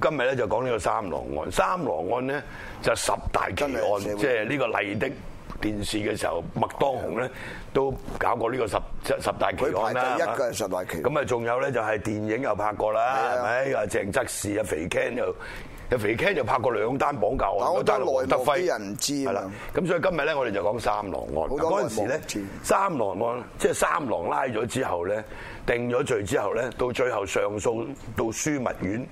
今日咧就講呢個三狼案。三狼案咧就十大奇案，即係呢個麗的電視嘅時候，麥當雄咧都搞過呢個十十大奇案啦。一個係十大奇案咁啊，仲有咧就係電影又拍過啦，係咪？又鄭則仕啊，肥 Ken 又肥 Ken 又拍過兩單綁架案，一單王德輝。人唔知。係啦。咁所以今日咧，我哋就講三狼案。嗰陣時咧，三狼案即係三狼拉咗之後咧，定咗罪之後咧，到最後上訴到樞密院。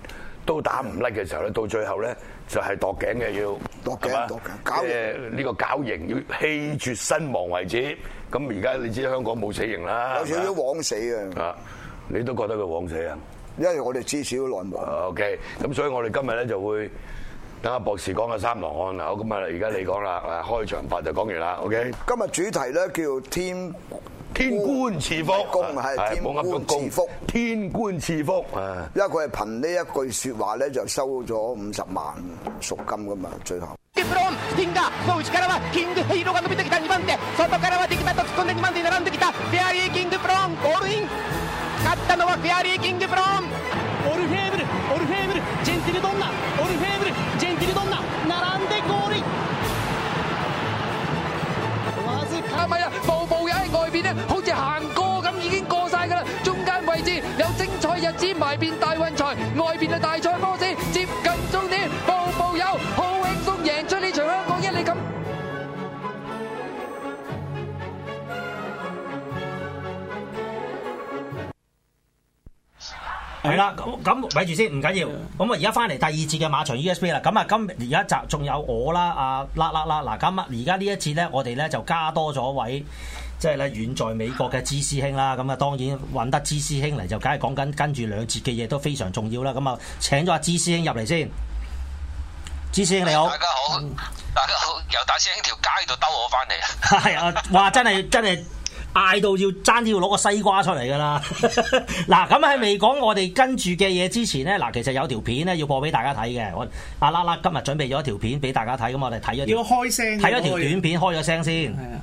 都打唔甩嘅時候咧，到最後咧就係度頸嘅要，度頸剁頸，即係呢個絞刑要氣絕身亡為止。咁而家你知香港冇死刑啦，有少少枉死嘅。啊吧，你都覺得佢枉死啊？因為我哋知少少內幕。OK，咁所以我哋今日咧就會等阿博士講下三郎案啦。好，咁啊而家你講啦，開場白就講完啦。OK，今日主題咧叫天。天官賜福，係天官賜福，天官賜福。因為佢係憑呢一句說話咧，就收咗五十萬贖金噶嘛，最後。外邊咧好似行過咁，已經過晒㗎啦。中間位置有精彩日子埋，便大運財外邊啊！大賽波士接近終點，步步有，好輕鬆贏出呢場香港一。你咁 係啦，咁咁咪住先，唔緊要。咁啊，而家翻嚟第二次嘅馬場 USB 啦。咁啊，今而家集仲有我啦，阿啦啦啦嗱。咁啊，而家呢一次咧，我哋咧就加多咗位。即係咧，遠在美國嘅芝師兄啦，咁啊，當然揾得芝師兄嚟就，梗係講緊跟住兩節嘅嘢都非常重要啦。咁啊，請咗阿芝師兄入嚟先。芝師兄你好，大家好，大家好，由大師兄條街度兜我翻嚟啊！係 啊，哇，真係真係嗌到要爭啲要攞個西瓜出嚟噶啦！嗱、 啊，咁喺未講我哋跟住嘅嘢之前呢，嗱，其實有條片呢要播俾大家睇嘅。我阿拉拉今日準備咗一條片俾大家睇，咁我哋睇、啊啊啊啊、一啲，一條要開聲、啊，睇咗條短片，開咗聲先。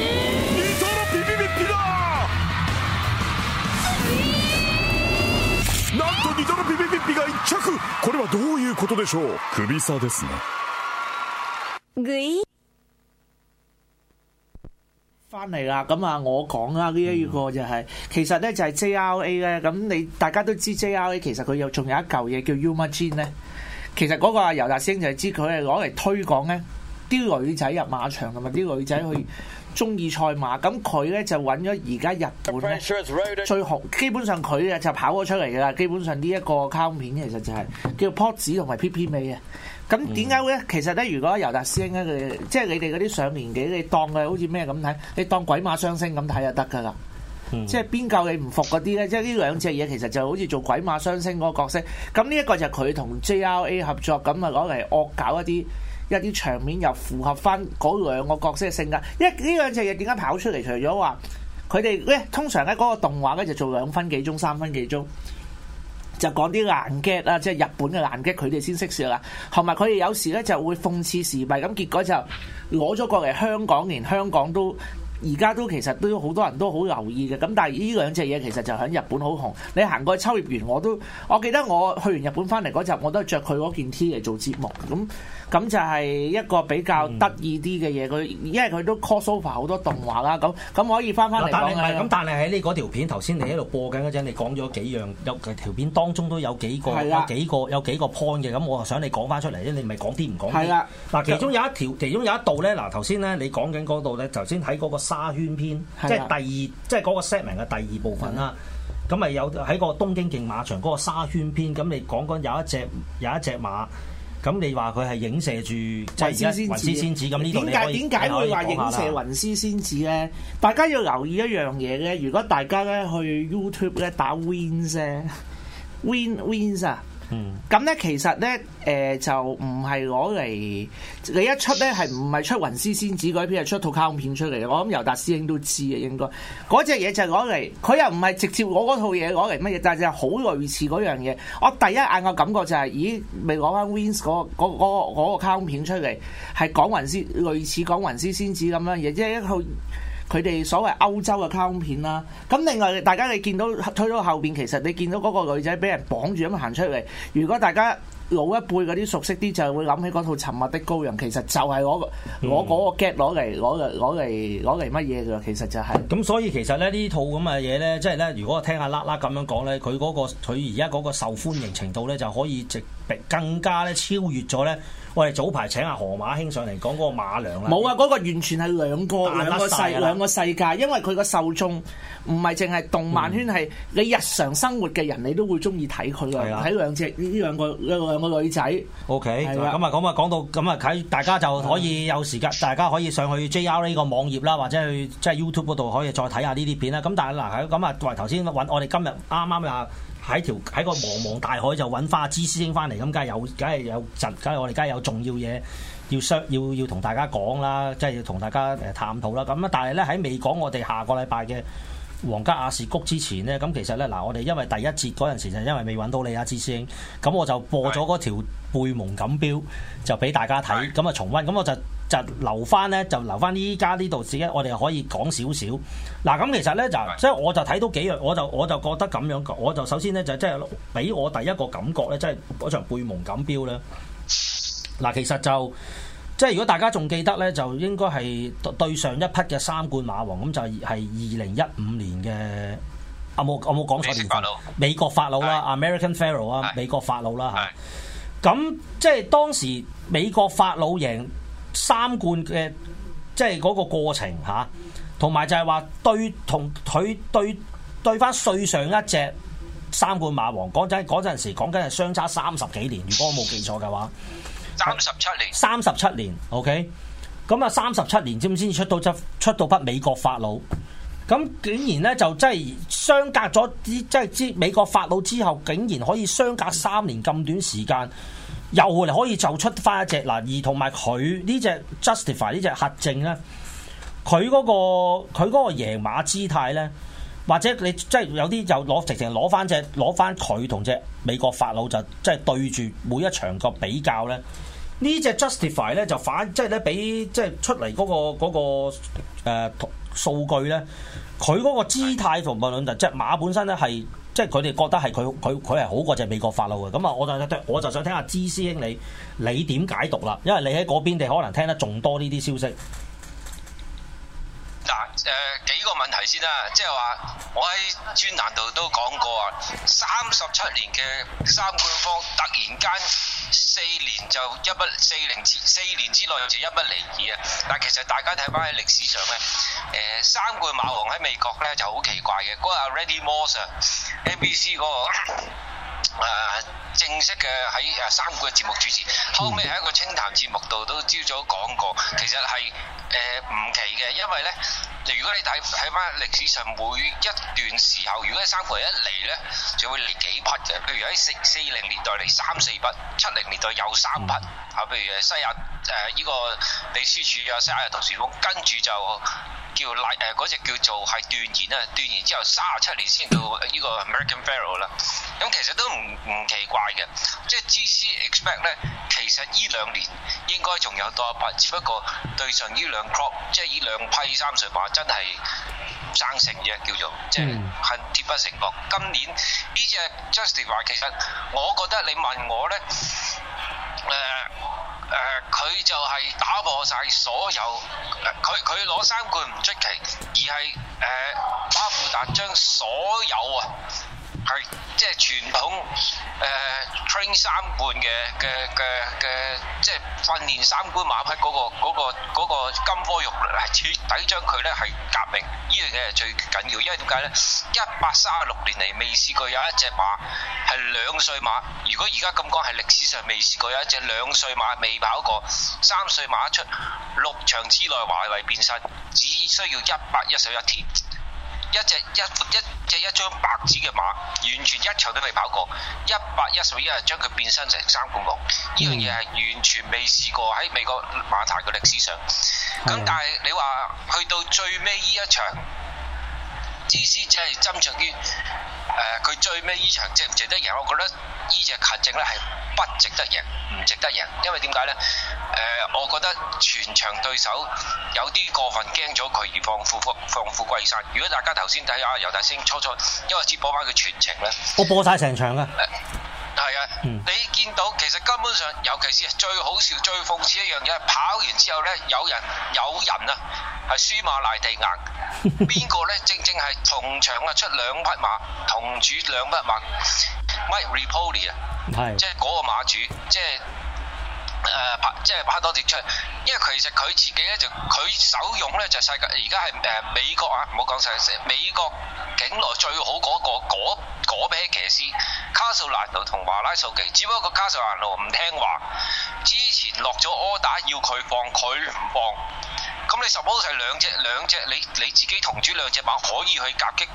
唔返嚟啦。咁啊，我講啦，呢、這、一個就係、是、其實咧就係、是、J R A 咧。咁你大家都知 J R A 其實佢又仲有一嚿嘢叫 UMAJO 咧。其實嗰個阿尤達星就係知佢係攞嚟推廣咧啲女仔入馬場㗎嘛，啲女仔去。中意賽馬，咁佢咧就揾咗而家日本咧最好，基本上佢嘅就跑咗出嚟噶啦。基本上呢一個卡通片其實就係、是、叫 p o t 子同埋 P P 尾啊。咁點解咧？Mm. 其實咧，如果尤達師兄咧，即係你哋嗰啲上年紀，你當佢好似咩咁睇，你當鬼馬雙星咁睇就得噶啦。即係邊夠你唔服嗰啲咧？即係呢兩隻嘢其實就好似做鬼馬雙星嗰個角色。咁呢一個就係佢同 J R A 合作咁啊，攞嚟惡搞一啲。一啲場面又符合翻嗰兩個角色性格，因為呢兩隻嘢點解跑出嚟？除咗話佢哋咧，通常咧嗰個動畫咧就做兩分幾鐘、三分幾鐘，就講啲硬梗啊，即係日本嘅硬梗，佢哋先識笑啦。同埋佢哋有時咧就會諷刺時弊，咁結果就攞咗過嚟香港，連香港都而家都其實都好多人都好留意嘅。咁但係呢兩隻嘢其實就喺日本好紅。你行過去秋葉原我都，我記得我去完日本翻嚟嗰陣，我都係着佢嗰件 T 嚟做節目咁。咁就係一個比較得意啲嘅嘢，佢因為佢都 cross over 好多動畫啦，咁咁可以翻翻嚟講但。但係唔係咁？但係喺呢嗰條片頭先你喺度播緊嗰陣，你講咗幾樣，有條片當中都有幾個、是的 有幾個、有幾個 point 嘅，咁我啊想你講翻出嚟，因你咪係講啲唔講啲。係啦，嗱，其中有一條，其中有一度咧，嗱頭先咧你講緊嗰度咧，頭先喺嗰個沙圈篇，即係是的 第二，即係嗰個 setting 嘅第二部分啦。咁咪是的 有喺個東京競馬場嗰個沙圈篇，咁你講緊有一隻有一隻馬。咁你話佢係影射住雲絲先子，點解點解佢話影射雲絲先子咧？大家要留意一樣嘢咧，如果大家咧去 YouTube 咧打 Wins，Win Wins 啊！咁咧、嗯，其實咧，誒、呃、就唔係攞嚟你一出咧，係唔係出《雲師仙子》嗰一篇，係出套卡通片出嚟嘅。我諗尤達師兄都知，嘅應該，嗰隻嘢就係攞嚟，佢又唔係直接攞嗰套嘢攞嚟乜嘢，但係就好類似嗰樣嘢。我第一眼嘅感覺就係、是，咦，未攞翻 Wins 嗰個卡通片出嚟，係講雲師，類似講雲師仙子咁樣嘢，即係一套。佢哋所謂歐洲嘅卡通片啦，咁另外大家你見到推到後邊，其實你見到嗰個女仔俾人綁住咁行出嚟。如果大家老一輩嗰啲熟悉啲，就係會諗起嗰套《沉默的羔羊》，其嗯，其實就係我個我嗰個 get 攞嚟攞嚟攞嚟攞嚟乜嘢㗎，其實就係。咁所以其實咧，呢套咁嘅嘢咧，即係咧，如果我聽下啦啦咁樣講咧，佢嗰、嗰個佢而家嗰個受歡迎程度咧，就可以直。更加咧超越咗咧，我哋早排請阿河馬兄上嚟講嗰個馬娘啦，冇啊！嗰、那個完全係兩個兩個世兩個世界，因為佢個受眾唔係淨係動漫圈，係、嗯、你日常生活嘅人，你都會中意睇佢嘅睇兩隻呢兩個,兩個,兩,個兩個女仔。O K，咁啊講啊講到咁啊喺大家就可以、啊、有時間，大家可以上去 JRA 呢個網頁啦，或者去即係 YouTube 嗰度可以再睇下呢啲片啦。咁但係嗱喺咁啊，為頭先揾我哋今日啱啱啊。剛剛喺條喺個茫茫大海就揾翻啲師兄翻嚟，咁梗係有，梗係有陣，梗係我哋梗係有重要嘢要商，要要同大家講啦，即係要同大家誒探討啦。咁啊，但係咧喺未講，我哋下個禮拜嘅。皇家亞士谷之前呢，咁其實呢，嗱，我哋因為第一節嗰陣時就因為未揾到你亞芝師兄，咁我就播咗嗰條貝蒙錦標就俾大家睇，咁啊的重溫，咁我就就留翻呢，就留翻依家呢度，自己，我哋可以講少少。嗱，咁其實呢，就，即係的我就睇到幾樣，我就我就覺得咁樣，我就首先呢，就即係俾我第一個感覺呢，即係嗰場貝蒙錦標呢，嗱其實就。即係如果大家仲記得呢，就應該係對上一匹嘅三冠馬王，咁就係二零一五年嘅，我冇我冇講錯。Basically, 美國法老，美國法老啦，American Pharoah 啦，美國法老啦嚇。咁 Right. 即係當時美國法老贏三冠嘅，即係嗰個過程嚇，同埋就係話對同佢對對翻最上一隻三冠馬王，嗰陣嗰陣時講緊係相差三十幾年，如果我冇記錯嘅話。三十七年，三十七年，OK，咁啊，三十七年，知唔知先出到出出到匹美國法老？咁竟然咧就即係相隔咗，即係之美國法老之後，竟然可以相隔三年咁短時間，又嚟可以就出翻一隻嗱，而同埋佢呢隻 Justify 呢隻核證咧，佢嗰個佢嗰個贏馬姿態咧。或者你即係、就是、有啲又攞直情攞翻隻攞翻佢同隻美國法老就即、是、係對住每一場個比較咧，呢隻 justify 咧就反即係咧畀即係出嚟嗰、那個嗰、那個誒數據咧，佢嗰個姿態同埋論就即、是、係馬本身咧係即係佢哋覺得係佢佢佢係好過隻美國法老嘅，咁啊我就我就想聽下支師兄你你點解讀啦？因為你喺嗰邊你可能聽得仲多呢啲消息。嗱，誒、呃、幾個問題先啦，即係話我喺專欄度都講過啊，三十七年嘅三冠王突然間四年就一不四零四年之內就一不離二啊，但其實大家睇翻喺歷史上嘅誒、呃、三冠馬王喺美國咧就好奇怪嘅，嗰個阿 Ready Moore sir，ABC 嗰、那個。啊。誒、呃、正式嘅喺誒三個節目主持，後尾喺一個清談節目度都朝早講過，其實係誒唔奇嘅，因為咧，如果你睇睇翻歷史上每一段時候，如果三冠一嚟咧，就會列幾匹嘅。譬如喺四四零年代嚟三四匹，七零年代有三匹 啊。譬如誒西亞誒依個秘書處啊，西亞同徐崢，跟住就。叫拉嗰隻叫做係斷言啊，斷言之後三十七年先到呢個 American Pharoah 啦，咁其實都唔唔奇怪嘅，即係 GC expect 咧，其實呢兩年應該仲有多一匹，只不過對上呢兩 crop 即係呢兩批三歲馬真係生性嘅叫做，即係恨鐵不成鋼。今年呢隻 Justify 話其實，我覺得你問我咧。呃誒，佢、呃、就係打破晒所有，佢佢攞三冠唔出奇，而係誒巴富達將所有啊。係即係傳統誒、呃、train 三冠嘅嘅嘅嘅，即係訓練三冠馬匹嗰、嗰個嗰、嗰個嗰、嗰個金科玉律係徹底將佢咧係革命，呢樣嘢係最緊要，因為點解咧？一百三十六年嚟未試過有一隻馬係兩歲馬，如果而家咁講係歷史上未試過有一隻兩歲馬未跑過，三歲馬一出六場之內華為變身，只需要一百一十一天。一隻一一隻一張白紙嘅馬，完全一場都未跑過，一百一十一日將佢變身成三冠王，呢樣嘢係完全未試過喺美國馬壇嘅歷史上。咁但係你話去到最尾呢一場，芝士只係斟酌於。誒，佢、呃、最尾依場值唔值得贏，我覺得依隻核證咧係不值得贏，唔值得贏，因為點解咧？誒、呃，我覺得全場對手有啲過分驚咗佢而放虎放放虎歸山。如果大家頭先睇阿尤達星初初，因為只播翻佢全程咧，我播晒成場㗎。呃係啊， 你見到其實根本上，尤其是最好笑、最諷刺一樣嘢，跑完之後呢，有人有人啊，係舒馬賴地硬，邊個呢？正正係同場啊出兩匹馬，同主兩匹馬，Mike Ripoli 啊，即 係嗰個馬主，即係。誒拍、呃、即係拍多啲出，因為其實佢自己咧就佢手用咧就係、世界而家係誒美國啊，唔好講世界美國境內最好嗰、嗰個嗰嗰 pair 騎師卡素蘭奴同華拉素奇，只不過卡素蘭奴唔聽話，之前落咗柯打要佢放佢唔放，咁你什麼都係兩隻兩隻你你自己同主兩隻馬可以去夾擊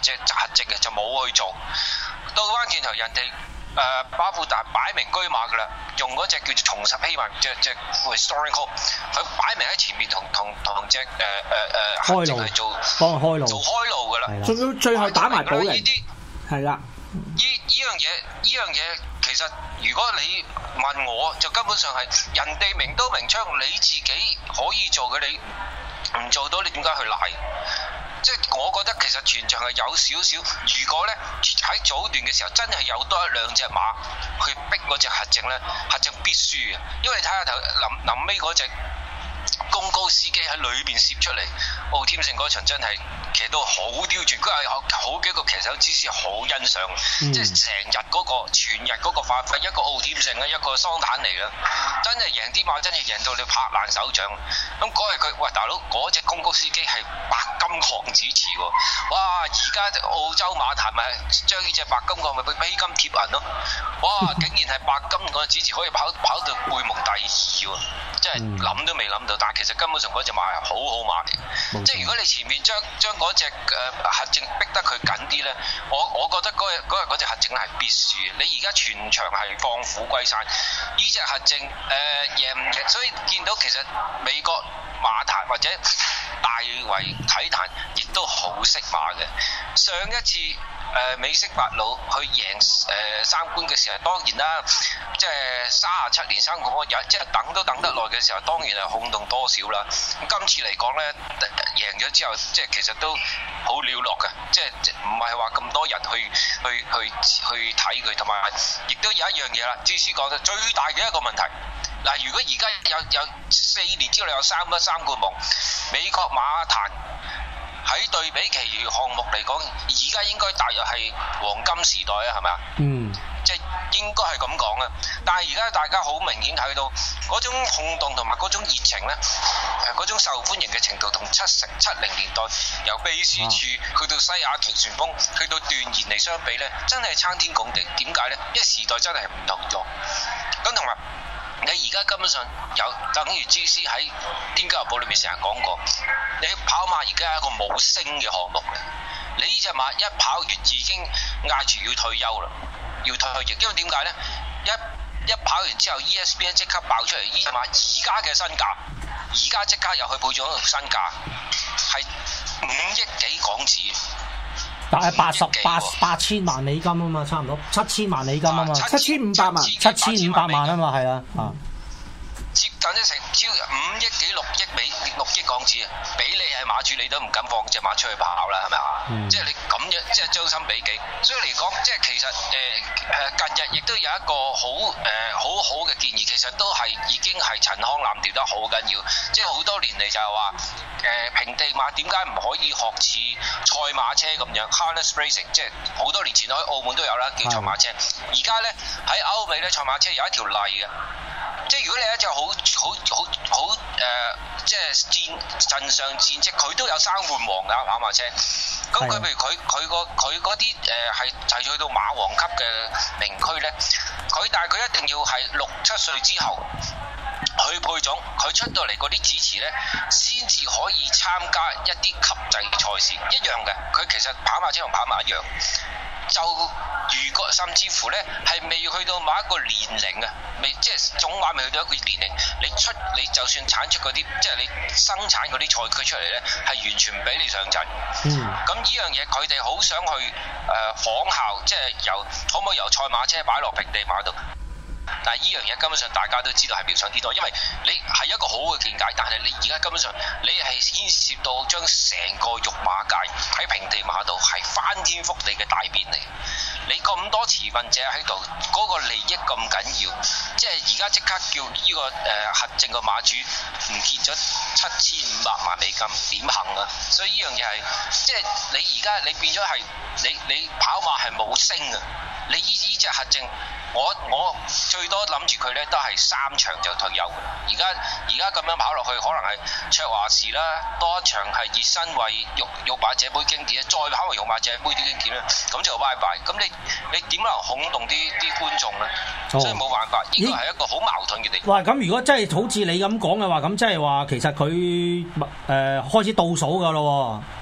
誒隻雜質嘅就冇去做，到翻轉頭人哋。誒，巴富達擺明車馬噶啦，用嗰隻叫做重拾希望，只只 Restoring Hope 佢擺明喺前面同同同隻誒誒誒誒開路幫開路，做開路噶啦，仲要最後打埋佢呢啲係啦。依依樣嘢，依樣嘢其實如果你問我，就根本上係人哋明刀明槍，你自己可以做嘅，你唔做到，你點解去賴？即係我覺得其實全場係有少少，如果咧喺早段嘅時候真係有多一兩隻馬去逼嗰隻核證咧，核證必輸嘅。因為你睇下頭臨臨尾嗰隻公高司機喺裏邊攝出嚟，敖、哦、天性嗰場真係。騎到好刁鑽，佢有好幾個騎手支持，好欣賞，嗯、即係成日嗰、那個全日嗰個發揮，一個澳點城啦，一個桑坦嚟嘅，真係贏啲馬，真係贏到你拍爛手掌。咁嗰日佢，喂大佬，嗰隻公公司機係白金行主持喎，哇！而家澳洲馬壇咪將呢隻白金個咪披金貼銀咯，哇！竟然係白金個主持可以跑跑到貝蒙第二喎，真係諗都未諗到。嗯、但係其實根本上嗰隻馬係好好馬嚟，沒錯 即係如果你前面將將。嗰隻誒核證逼得佢緊啲咧，我我覺得嗰日嗰日嗰隻核證係必輸，你而家全場係放虎歸山，呢隻核證誒、呃、贏唔贏，所以見到其實美國馬壇或者大衞體壇亦都好識馬嘅，上一次誒、呃、美式八佬去贏誒、呃、三冠嘅時候，當然啦，即係三啊七年三冠日，即係等都等得耐嘅時候，當然係轟動多少啦。今次嚟講咧，贏咗之後，即係其實都好寥落嘅，即係唔係話咁多人去去去去睇佢，同埋亦都有一樣嘢啦。朱師講嘅最大嘅一個問題。嗱，如果而家有有四年之內有三三個夢，美國馬壇喺對比其餘項目嚟講，而家應該大約係黃金時代啊，係咪啊？嗯。即係應該係咁講啊！但係而家大家好明顯睇到嗰種轟動同埋嗰種熱情咧，係嗰種受歡迎嘅程度，同七成七零年代由秘書處去到西亞騎旋風去到斷言嚟相比咧，真係參天共地。點解咧？因為時代真係唔同咗。咁同埋。你而家根本上有，等於 GC 喺《天加日報》裏面成日講過，你跑馬而家係一個冇升嘅項目嘅，你呢隻馬一跑完已經嗌住要退休啦，要退役，因為點解咧？一一跑完之後，E S B 即刻爆出嚟，呢隻馬而家嘅身價，而家即刻又去配咗個身價，係五億幾港紙。八十八八千萬美金啊嘛，差唔多 000, 300, 000, 400, 七千萬美金啊嘛，七千五百萬，七千五百萬啊嘛，係啊，啊。接近一成超五億幾六億美六億港紙啊！俾你係馬主，你都唔敢放隻馬出去跑啦，係咪啊？嗯、即係你咁樣，即係將心比己。所以嚟講，即係其實誒誒、呃、近日亦都有一個、呃、好誒好好嘅建議，其實都係已經係陳康南調得好緊要，即係好多年嚟就係話誒平地馬點解唔可以學似賽馬車咁樣？Harness racing 即係好多年前喺澳門都有啦，叫賽馬車。而家咧喺歐美咧，賽馬車有一條例嘅。即係如果你一隻好好好好誒，即係戰陣上戰績，佢都有三冠王㗎跑馬車。咁佢譬如佢佢個佢嗰啲誒係係去到馬王級嘅名區咧，佢但係佢一定要係六七歲之後去配種，佢出到嚟嗰啲子嗣咧，先至可以參加一啲級際賽事，一樣嘅。佢其實跑馬車同跑馬一樣。就如果甚至乎咧，係未去到某一個年齡啊，未即係總話未去到一個年齡，你出你就算產出嗰啲，即係你生產嗰啲賽駒出嚟咧，係完全唔俾你上陣。嗯，咁呢樣嘢佢哋好想去誒仿效，即係由可唔可以由賽馬車擺落平地馬度？但係呢樣嘢，根本上大家都知道係妙想天開，因為你係一個好嘅見解，但係你而家根本上你係牽涉到將成個育馬界喺平地馬度係翻天覆地嘅大變嚟，你咁多持份者喺度，嗰、那個利益咁緊要，即係而家即刻叫呢、這個誒、呃、核證嘅馬主唔見咗七千五百萬美金，點行啊？所以呢樣嘢係即係你而家你變咗係你你跑馬係冇升啊，你呢依隻核證。我我最多諗住佢咧，都係三場就退休。而家而家咁樣跑落去，可能係卓華時啦，多一場係熱身為育育馬者杯經典，再跑埋育馬者杯啲經典咧，咁就拜拜。咁你你點能恐動啲啲觀眾咧？所以冇辦法，依個係一個好矛盾嘅地方。哇！咁如果真係好似你咁講嘅話，咁即係話其實佢誒、呃、開始倒數噶咯喎。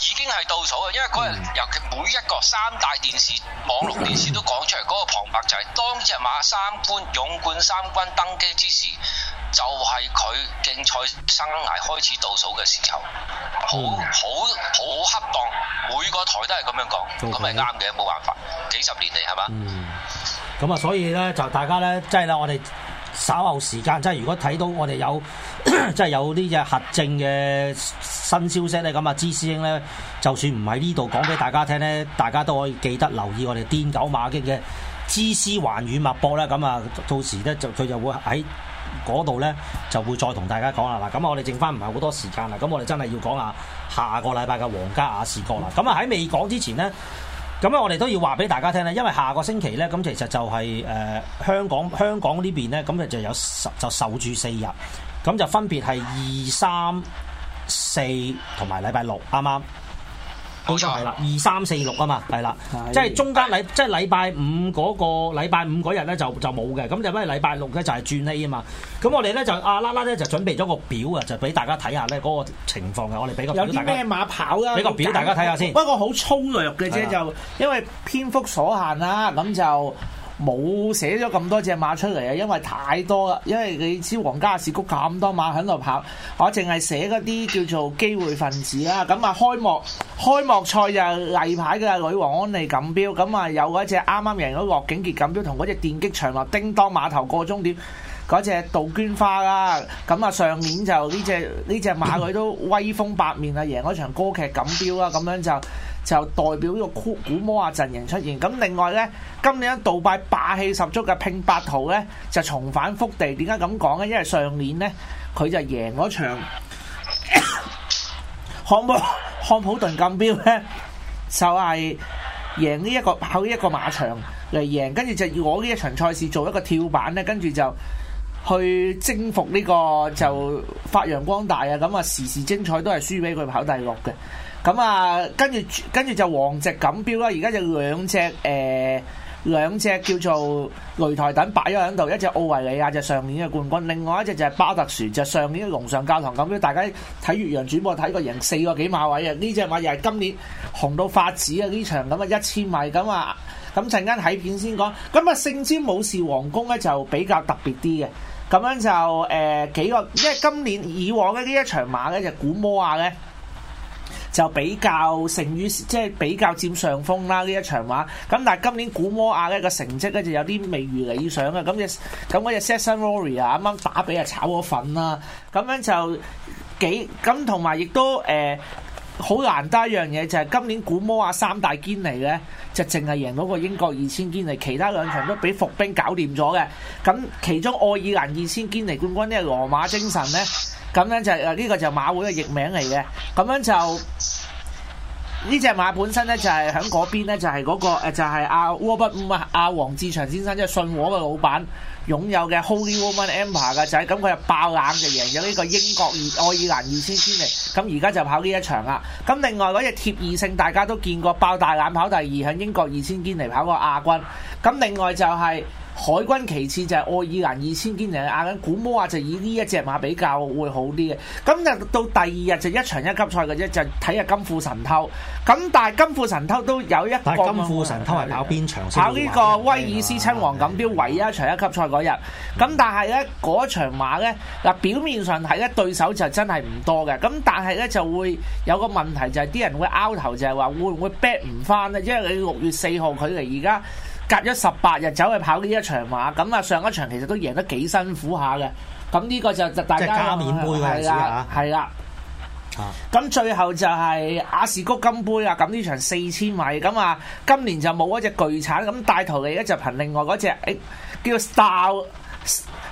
已經係倒數嘅，因為嗰日尤其每一個三大電視、網絡電視都講出嚟嗰 個旁白就係、是：當隻馬三冠勇冠三軍登基之時，就係、是、佢競賽生涯開始倒數嘅時候，好好好恰當。每個台都係咁樣講，咁係啱嘅，冇辦法。幾十年嚟係嘛？咁啊、嗯嗯，所以咧就大家咧，即係咧，我哋稍後時間，即係如果睇到我哋有。 即係有呢隻核證嘅新消息咧，咁啊，芝師兄咧，就算唔喺呢度講俾大家聽咧，大家都可以記得留意我哋癲狗馬經嘅芝師環宇脈搏咧。咁啊，到時咧就佢就會喺嗰度咧就會再同大家講啦。嗱，咁我哋剩翻唔係好多時間啦。咁我哋真係要講下下個禮拜嘅皇家雅士谷啦。咁啊喺未講之前咧，咁啊我哋都要話俾大家聽咧，因為下個星期咧，咁其實就係、是、誒、呃、香港香港呢邊咧，咁佢就有就守住四日。咁就分別係二三四同埋禮拜六啱啱？好，冇錯 Okay.、嗯，係啦，二三四六啊嘛，係啦，的即係中間禮，即係禮拜五嗰、那個禮拜五嗰日咧就就冇嘅，咁就翻嚟禮拜六咧就係、是、轉呢啊嘛。咁我哋咧就啊啦啦咧就準備咗個表啊，就俾大家睇下咧嗰個情況嘅。我哋俾個有啲咩馬跑啊？俾個表解大家睇下先。不過好粗略嘅啫，就因為篇幅的的所限啦，咁就。冇寫咗咁多隻馬出嚟啊，因為太多啦，因為你知皇家雅士谷咁多馬喺度跑，我淨係寫嗰啲叫做機會分子啦。咁啊，開幕開幕賽就例牌嘅女王安妮錦標，咁啊有嗰隻啱啱贏咗樂景傑錦標同嗰隻電擊場啊叮噹馬頭過終點嗰隻杜鵑花啦。咁啊，啊，上年就呢隻呢隻馬佢都威風八面啊，贏咗場歌劇錦標啊，咁樣就。就代表呢個古古摩亞陣營出現。咁另外呢，今年杜拜霸氣十足嘅拼八圖呢，就重返福地。點解咁講呢？因為上年呢，佢就贏嗰場漢堡 普頓錦標呢就係、是、贏呢一個跑呢一個馬場嚟贏。跟住就要攞呢一場賽事做一個跳板呢，跟住就去征服呢、這個就發揚光大啊！咁話時時精彩都係輸俾佢跑第六嘅。咁啊，跟住跟住就皇爵錦標啦，而家就兩隻誒、呃、兩隻叫做擂台等擺咗喺度，一隻奧維利亞，就上年嘅冠軍；另外一隻就係巴特殊，就上年龍上教堂錦標，大家睇越洋轉播睇過贏四個幾馬位啊！呢隻馬又係今年紅到發紫啊！呢場咁啊一千米咁啊，咁陣間睇片先講，咁啊聖詹武士皇宮咧就比較特別啲嘅，咁樣就誒、呃、幾個，因為今年以往嘅呢一場馬咧就古魔亞咧。就比較勝於，即係比較佔上風啦呢一場話，咁但係今年古摩亞咧個成績咧就有啲未如理想、那個那個、剛剛啊！咁嘅咁嗰隻 Saxon Warrior 啊啱啱打比啊炒咗粉啦，咁樣就幾咁同埋亦都誒好、呃、難得一樣嘢就係、是、今年古摩亞三大堅尼咧就淨係贏到個英國二千堅尼，其他兩場都俾伏兵搞掂咗嘅，咁其中愛爾蘭二千堅尼冠軍咧係羅馬精神咧。咁樣就誒呢、呢個就馬會嘅譯名嚟嘅，咁樣就呢隻馬本身咧就係喺嗰邊咧就係、是、嗰、那個就係阿 Robert 阿黃志祥先生即係信和嘅老闆擁有嘅 Holy Woman Empire 嘅仔，咁佢就爆冷就贏咗呢個英國二愛爾蘭二千堅尼，咁而家就跑呢一場啦。咁另外嗰隻鐵二性大家都見過爆大冷跑第二，喺英國二千堅尼跑個亞軍。咁另外就係、是。海軍其次就係愛爾蘭二千堅尼，押緊古摩亞就以呢一隻馬比較會好啲嘅。咁就到第二日就一場一級賽嘅啫，就睇下金庫神偷。咁但係金庫神偷都有一個金庫神偷係跑邊場先？跑呢個威爾斯親王錦標的唯一一場一級賽嗰日。咁的但係咧嗰場馬咧嗱，表面上睇咧對手就真係唔多嘅。咁但係咧就會有個問題就係、是、啲人會拗頭就係話會唔會 bet 唔翻咧？因為你六月四號距離而家。隔咗十八日走去跑呢一場馬，咁啊上一場其實都贏得幾辛苦下嘅，咁、這、呢個就就大家，面杯係啦，係啦，咁、啊、最後就係雅士谷金杯啊！咁呢場四千米，咁啊今年就冇嗰隻巨橙，咁帶頭嚟咧就憑另外嗰隻，誒叫 Star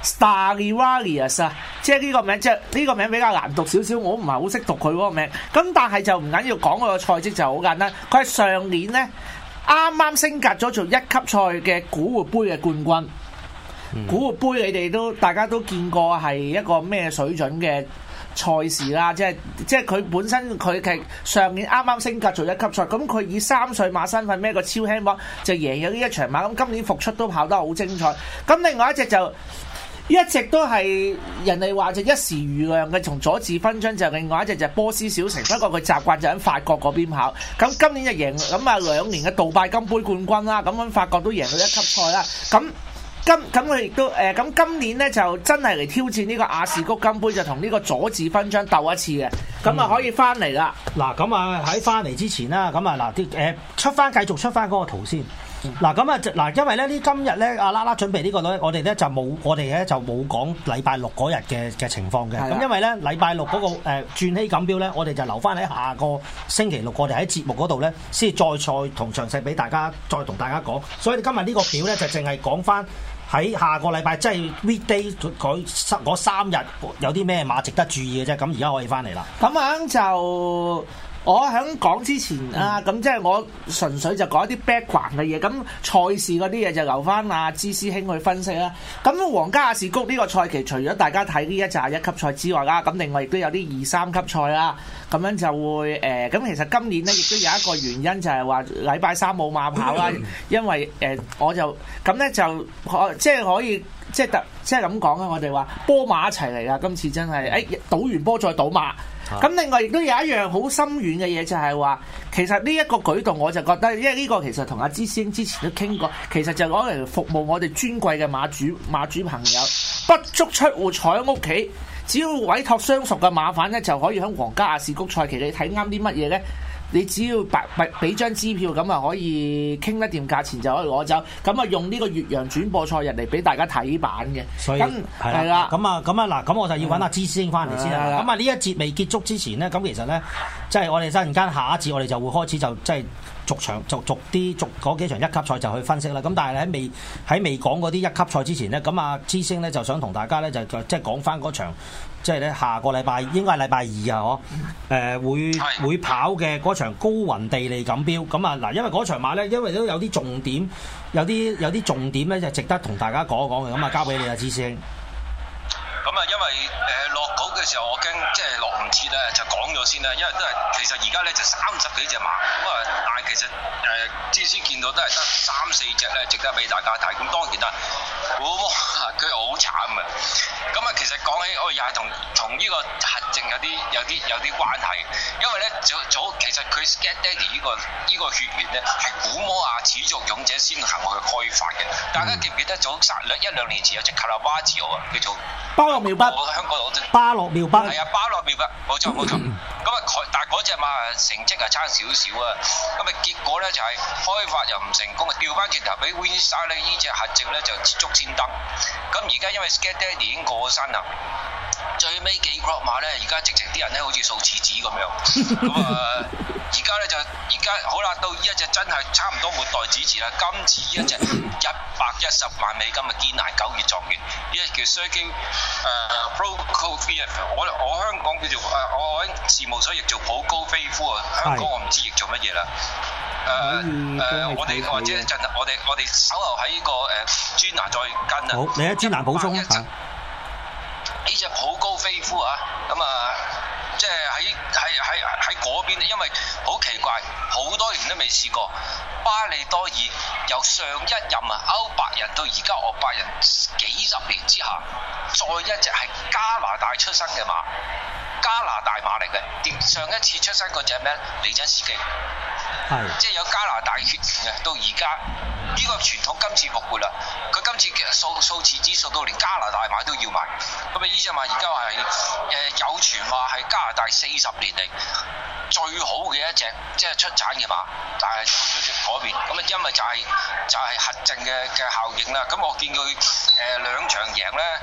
Stradivarius 啊，即係呢個名，即係呢個名比較難讀少少，我唔係好識讀佢個名，咁但係就唔緊要，講佢個賽績就好簡單，佢係上年咧。啱啱升格咗做一級賽嘅古活杯嘅冠軍，嗯、古活杯你哋都大家都見過係一個咩水準嘅賽事啦，即係即係佢本身佢其實上年啱啱升格做一級賽，咁佢以三歲馬身份咩個超輕磅就贏咗呢一場馬，咁今年復出都跑得好精彩，咁另外一隻就。一直都係人哋話就一時瑜亮嘅，從佐治勳章就另外一隻就波斯小城，不過佢習慣就喺法國嗰邊跑。咁今年就贏咁啊兩年嘅杜拜金杯冠軍啦，咁喺法國都贏到一級賽啦。咁今咁佢亦都誒咁今年咧就真係嚟挑戰呢個雅士谷金杯，就同呢個佐治勳章鬥一次嘅。咁啊可以翻嚟啦。嗱咁啊喺翻嚟之前啦，咁啊嗱啲誒出翻繼續出翻嗰個圖先。嗱咁啊，嗱，因為咧，今呢今日咧，阿拉拉準備呢、這個咧，我哋咧就冇，我哋咧就冇講禮拜六嗰日嘅嘅情況嘅。咁的因為咧，禮拜六嗰、那個誒、呃、鑽禧錦標咧，我哋就留翻喺下個星期六，我哋喺節目嗰度咧先再再同詳細俾大家再同大家講。所以你今日呢個表咧就淨係講翻喺下個禮拜，即、就、係、是、weekday 嗰三日有啲咩馬值得注意嘅啫。咁而家可以翻嚟啦。咁樣就。我喺講之前啊，咁即係我純粹就講一啲 background 嘅嘢，咁賽事嗰啲嘢就留翻阿芝師兄去分析啦、啊。咁皇家阿士谷呢個賽期，除咗大家睇呢一集一級賽之外啦、啊，咁另外亦都有啲二三級賽啦、啊。咁樣就會誒，咁、呃、其實今年呢亦都有一個原因就係話禮拜三冇馬跑啦，因為誒、呃、我就咁呢、呃，就可即係可以即係特即係咁講啊，我哋話波馬一齊嚟啊！今次真係誒，賭、欸、完波再賭馬。咁另外亦都有一樣好心軟嘅嘢，就係話其實呢一個舉動，我就覺得，因為呢個其實同阿芝師兄之前都傾過，其實就講嚟服務我哋尊貴嘅馬主馬主朋友，不足出戶，坐喺屋企，只要委託相熟嘅馬販呢，就可以喺皇家亞士谷賽期你睇啱啲乜嘢呢？你只要白白俾張支票咁啊，可以傾得掂價錢就可以攞走。咁啊，用呢個越洋轉播賽日嚟俾大家睇版嘅。所以係啦。咁啊，咁啊嗱，咁我就要揾阿知星翻嚟先啦。咁啊，呢一節未結束之前呢，咁其實呢，即係我哋忽然間下一節，我哋就會開始就即係逐場、逐逐啲、逐嗰幾場一級賽就去分析啦。咁但係喺未喺未講嗰啲一級賽之前呢，咁阿知星呢就想同大家呢，就即係講翻嗰場。即係咧，下個禮拜應該係禮拜二啊，嗬？誒會會跑嘅嗰場高雲地利錦標，咁啊嗱，因為嗰場馬咧，因為都有啲重點，有啲有啲重點咧，就值得同大家講一講嘅，咁啊交俾你啊，芝師兄。咁啊，因為誒落稿嘅時候，我驚即係。就講咗先啦，因為都係其實而家咧就三十幾隻馬咁啊，但係其實誒之先見到都係得三四隻咧，值得俾大家睇。咁當然啦，佢好慘啊！咁啊，其實講起哦、哎，又係同同呢個核證有啲有啲有啲關係，因為咧早早其實佢 Scat Daddy 呢個呢、呢個血緣咧係古摩亞始作俑者先行去開發嘅。大家記唔記得早十兩一兩年前有隻卡拉巴蛙自啊，叫做巴洛妙巴，我喺香港度、嗯，巴洛妙巴係啊，巴洛妙巴。冇錯，咁啊佢，但係嗰隻馬成績啊差少少啊，咁啊結果咧就係開發又唔成功，調翻轉頭俾 Winsa 咧呢隻核證咧就接觸先得。咁而家因為 Scat Daddy 已經過身啦，最尾幾個馬咧而家直情啲人咧好似掃廁紙咁樣，咁啊。而家咧就，而家好啦，到呢一隻真係差唔多末代支持啦。今次呢一隻一百一十萬美金嘅艱難九月撞完，呢隻叫 s e r c i n g 誒、呃、Proco 飛啊！Pro、f, 我我香港叫做誒，我喺事務所亦做普高飛夫啊。是香港我唔知，亦做乜嘢啦？誒誒，我哋或者一陣我哋我哋稍後喺呢個誒、呃、專欄再跟啊。好，你喺專欄補充一下。呢隻、啊、普高飛夫啊，咁、嗯、啊。嗯嗯嗯即係喺喺喺喺嗰邊，因為好奇怪，好多年都未試過。巴利多爾由上一任啊歐伯人到而家歐伯人幾十年之下，再一隻係加拿大出生嘅馬。加拿大馬嚟嘅，上一次出世嗰隻咩？尼真斯基，的即係有加拿大血緣嘅，到而家呢個傳統今次復活啦。佢今次數數次指數到連加拿大馬都要買，咁啊呢隻馬而家係誒有傳話係加拿大四十年嚟最好嘅一隻，即係出產嘅馬，但係就喺嗰邊。咁啊，因為就係、是、就係、是、核證嘅嘅效應啦。咁我見佢誒、呃、兩場贏咧。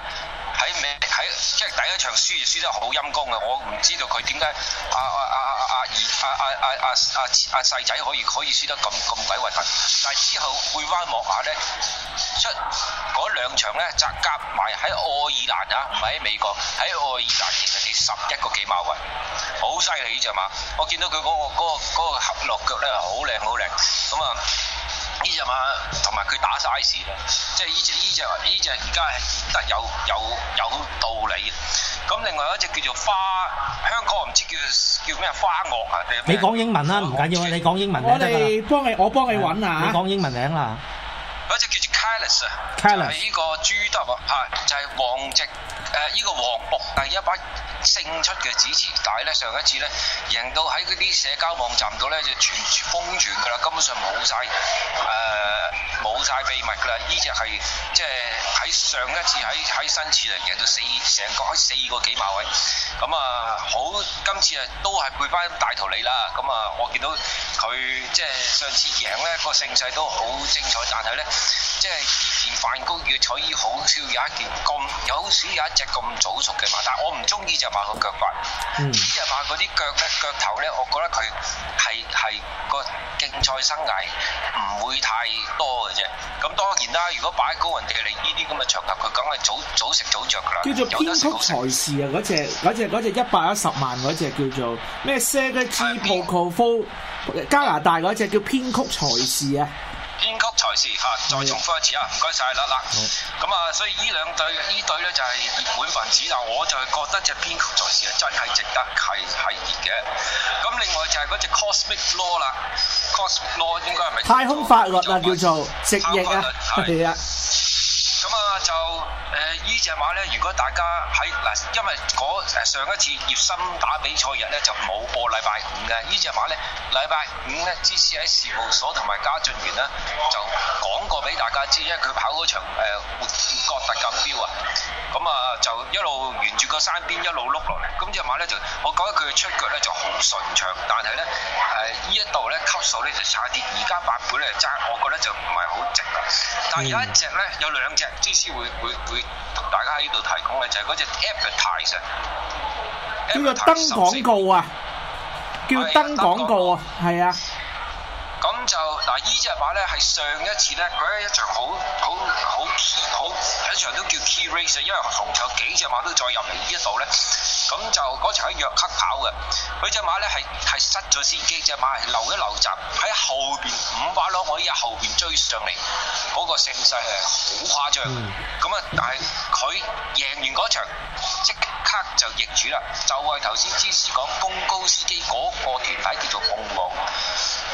喺即係第一場輸，輸得好陰功嘅。我唔知道佢點解阿阿阿阿阿阿阿阿阿阿細仔可以可以輸得咁咁鬼核突。但係之後貝灣莫下咧出嗰兩場咧，就夾埋喺愛爾蘭啊，唔係喺美國，喺愛爾蘭跌十一個幾馬位，好犀利呢隻馬。我見到佢嗰、嗰個嗰合落腳咧，eren, 好靚好靚咁啊！呢隻馬同埋佢打曬時啦，即係呢隻呢隻呢隻而家係得有有有道理嘅。咁另外一隻叫做花，香港唔知叫叫咩花樂啊？你講英文啦，唔緊要啊，你講英文名得啦。我哋幫你，我幫你揾啊。你講英文名啦。泰勒啊，as, ail 就呢個朱德啊，嚇就係、是、王直，誒、呃，呢、這個黃勃第一把勝出嘅支持，但係咧上一次咧贏到喺嗰啲社交網站度咧就傳瘋傳㗎啦，根本上冇晒誒。呃曬秘密㗎啦！呢隻係即係喺上一次喺喺新次嚟贏到四成個喺四個幾馬位，咁啊好今次都啊都係背翻大頭利啦！咁啊我見到佢即係上次贏咧個勝勢都好精彩，但係咧即係。飯局要彩衣好少有一件咁，有少有一隻咁早熟嘅馬，但我唔中意就買佢腳骨。嗯，只係買嗰啲腳咧，腳頭咧，我覺得佢係係個競賽生涯唔會太多嘅啫。咁當然啦，如果擺高雲地利嚟呢啲咁嘅場頭，佢梗係早早食早着噶啦。叫做編曲才子啊，嗰隻嗰隻嗰隻一百一十萬嗰隻叫做咩？Sergei Prokofiev 加拿大嗰隻叫編曲才子啊。編曲才子吓，再重複一次啊！唔該曬啦啦，咁啊好，所以呢兩隊呢隊咧就係熱門分子，但我就係覺得隻編曲才子係真係值得係係熱嘅。咁另外就係隻 Cosmic Law 啦，Cosmic Law 應該係咪太空法律做法做啊？太空法，法律係啊。就誒、呃、呢隻馬咧，如果大家喺嗱，因為誒上一次葉森打比賽日咧就冇播禮拜五嘅，呢隻馬咧禮拜五咧，之前喺事務所同埋家俊園咧就講過俾大家知，因為佢跑嗰場誒誒活躍特錦標啊，咁啊就一路沿住個山邊一路碌落嚟，咁隻馬咧就我覺得佢嘅出腳咧就好順暢，但係咧誒呢一度咧級數咧就差啲，而家八倍咧爭我覺得就唔係好值啦。但係有一隻咧，有兩隻支持。之會會會同大家喺呢度提供嘅就係嗰隻 app 嘅提示，叫做登廣告啊，叫登廣告啊，係的啊。咁的的就嗱呢隻馬咧係上一次咧佢一一場好好好 key，好一場都叫 key race，因為同場幾隻馬都再入嚟呢一度咧。咁就嗰場喺約克跑嘅，佢隻馬咧係係失咗先機，隻馬留一留閘喺後邊五把攞，我依家後邊追上嚟，嗰、那個勝勢係好誇張。咁啊、嗯，但係佢贏完嗰場即刻就易主啦。就係頭先芝士講公高司機嗰個團體叫做鳳凰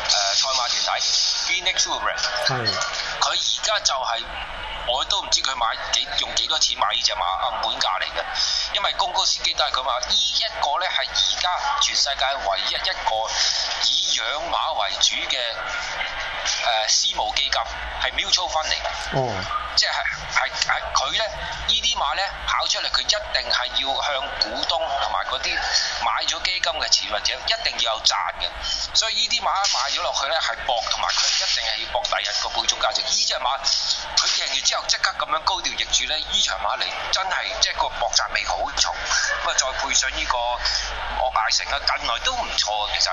誒賽馬團體 v i n c e n u p e r 佢而家就係、是。我都唔知佢買幾用幾多錢買呢隻馬啊，本價嚟嘅，因為公公司機都係佢話，呢一,一個咧係而家全世界唯一一個以養馬為主嘅。誒私募基金係 mutual fund 翻嚟嘅，即係係係佢咧，依啲馬咧跑出嚟，佢一定係要向股東同埋嗰啲買咗基金嘅持份者一定要有賺嘅。所以依啲馬一買咗落去咧，係搏同埋佢一定係要搏第日個配種價值。依隻馬佢贏完之後即刻咁樣高調易主咧，依場馬嚟真係即係個博賺味好重，咁啊再配上呢個惡艾城啊，近來都唔錯。其實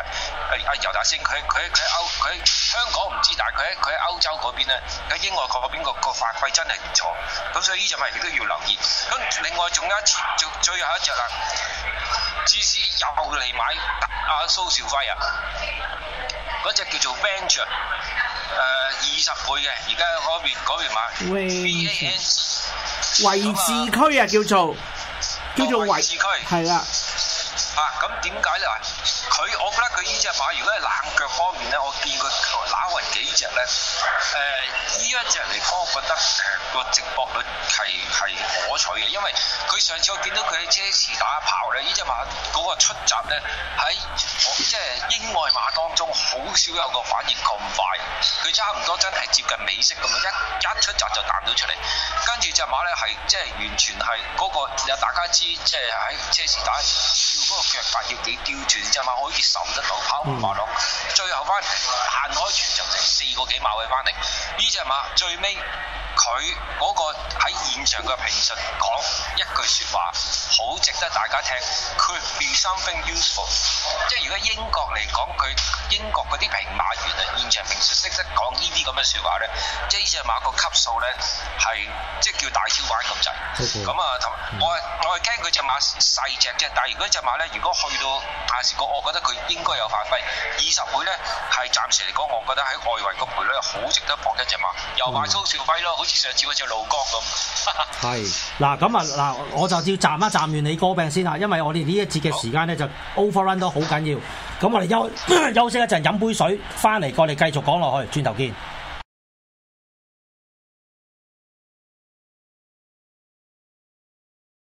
阿尤達星佢佢佢歐佢香港。知，但係佢喺佢喺歐洲嗰邊咧，喺英國嗰邊個個法規真係唔錯，咁所以依隻咪亦都要留意。咁另外仲有，最最後一隻啦，芝士又嚟買阿蘇兆輝啊，嗰隻叫做 Venture，誒二十倍嘅，而家嗰邊嗰邊買 Vengeance，維治區啊，叫做叫做維治區，係啦，啊咁點解咧？佢，我覺得佢呢隻馬如果係冷腳方面咧，我見佢揦勻幾隻咧。誒、呃、呢一隻嚟講我覺得誒個、呃、值博率係係可取嘅，因為佢上次我見到佢喺車士打跑咧，呢隻馬，嗰個出閘咧喺，即係英愛馬當中好少有個反應咁快，佢差唔多真係接近美式咁樣一一出閘就彈到出嚟。跟住隻馬咧係即係完全係個、嗰個，有大家知即係喺車士打要個腳法要幾刁鑽隻馬。好似受唔得到跑唔埋落，嗯、最後翻嚟行開全場成四個幾馬位翻嚟，呢隻馬最尾。佢個喺現場嘅評述講一句說話好值得大家聽，佢 be something useful。即係如果英國嚟講佢英國啲評馬員啊，現場評述識得講呢啲咁嘅說話咧，即係呢隻馬個級數咧，係即係叫大超馬咁滯。咁 Okay. 啊，同我係我係驚佢隻馬細隻啫。但係如果隻馬咧，如果去到大時個我覺得佢應該有發揮，二十倍咧，係暫時嚟講我覺得喺外圍個賠率係好值得搏一隻馬，又買蘇少輝咯，.上次嗰隻老江咁，係嗱咁啊嗱，我就照站一站完你歌病先吓，因為我哋呢一節嘅時間咧就 over run 都好緊要，咁我哋休、哦、 休息一陣，飲杯水，翻嚟過嚟繼續講落去，轉頭見。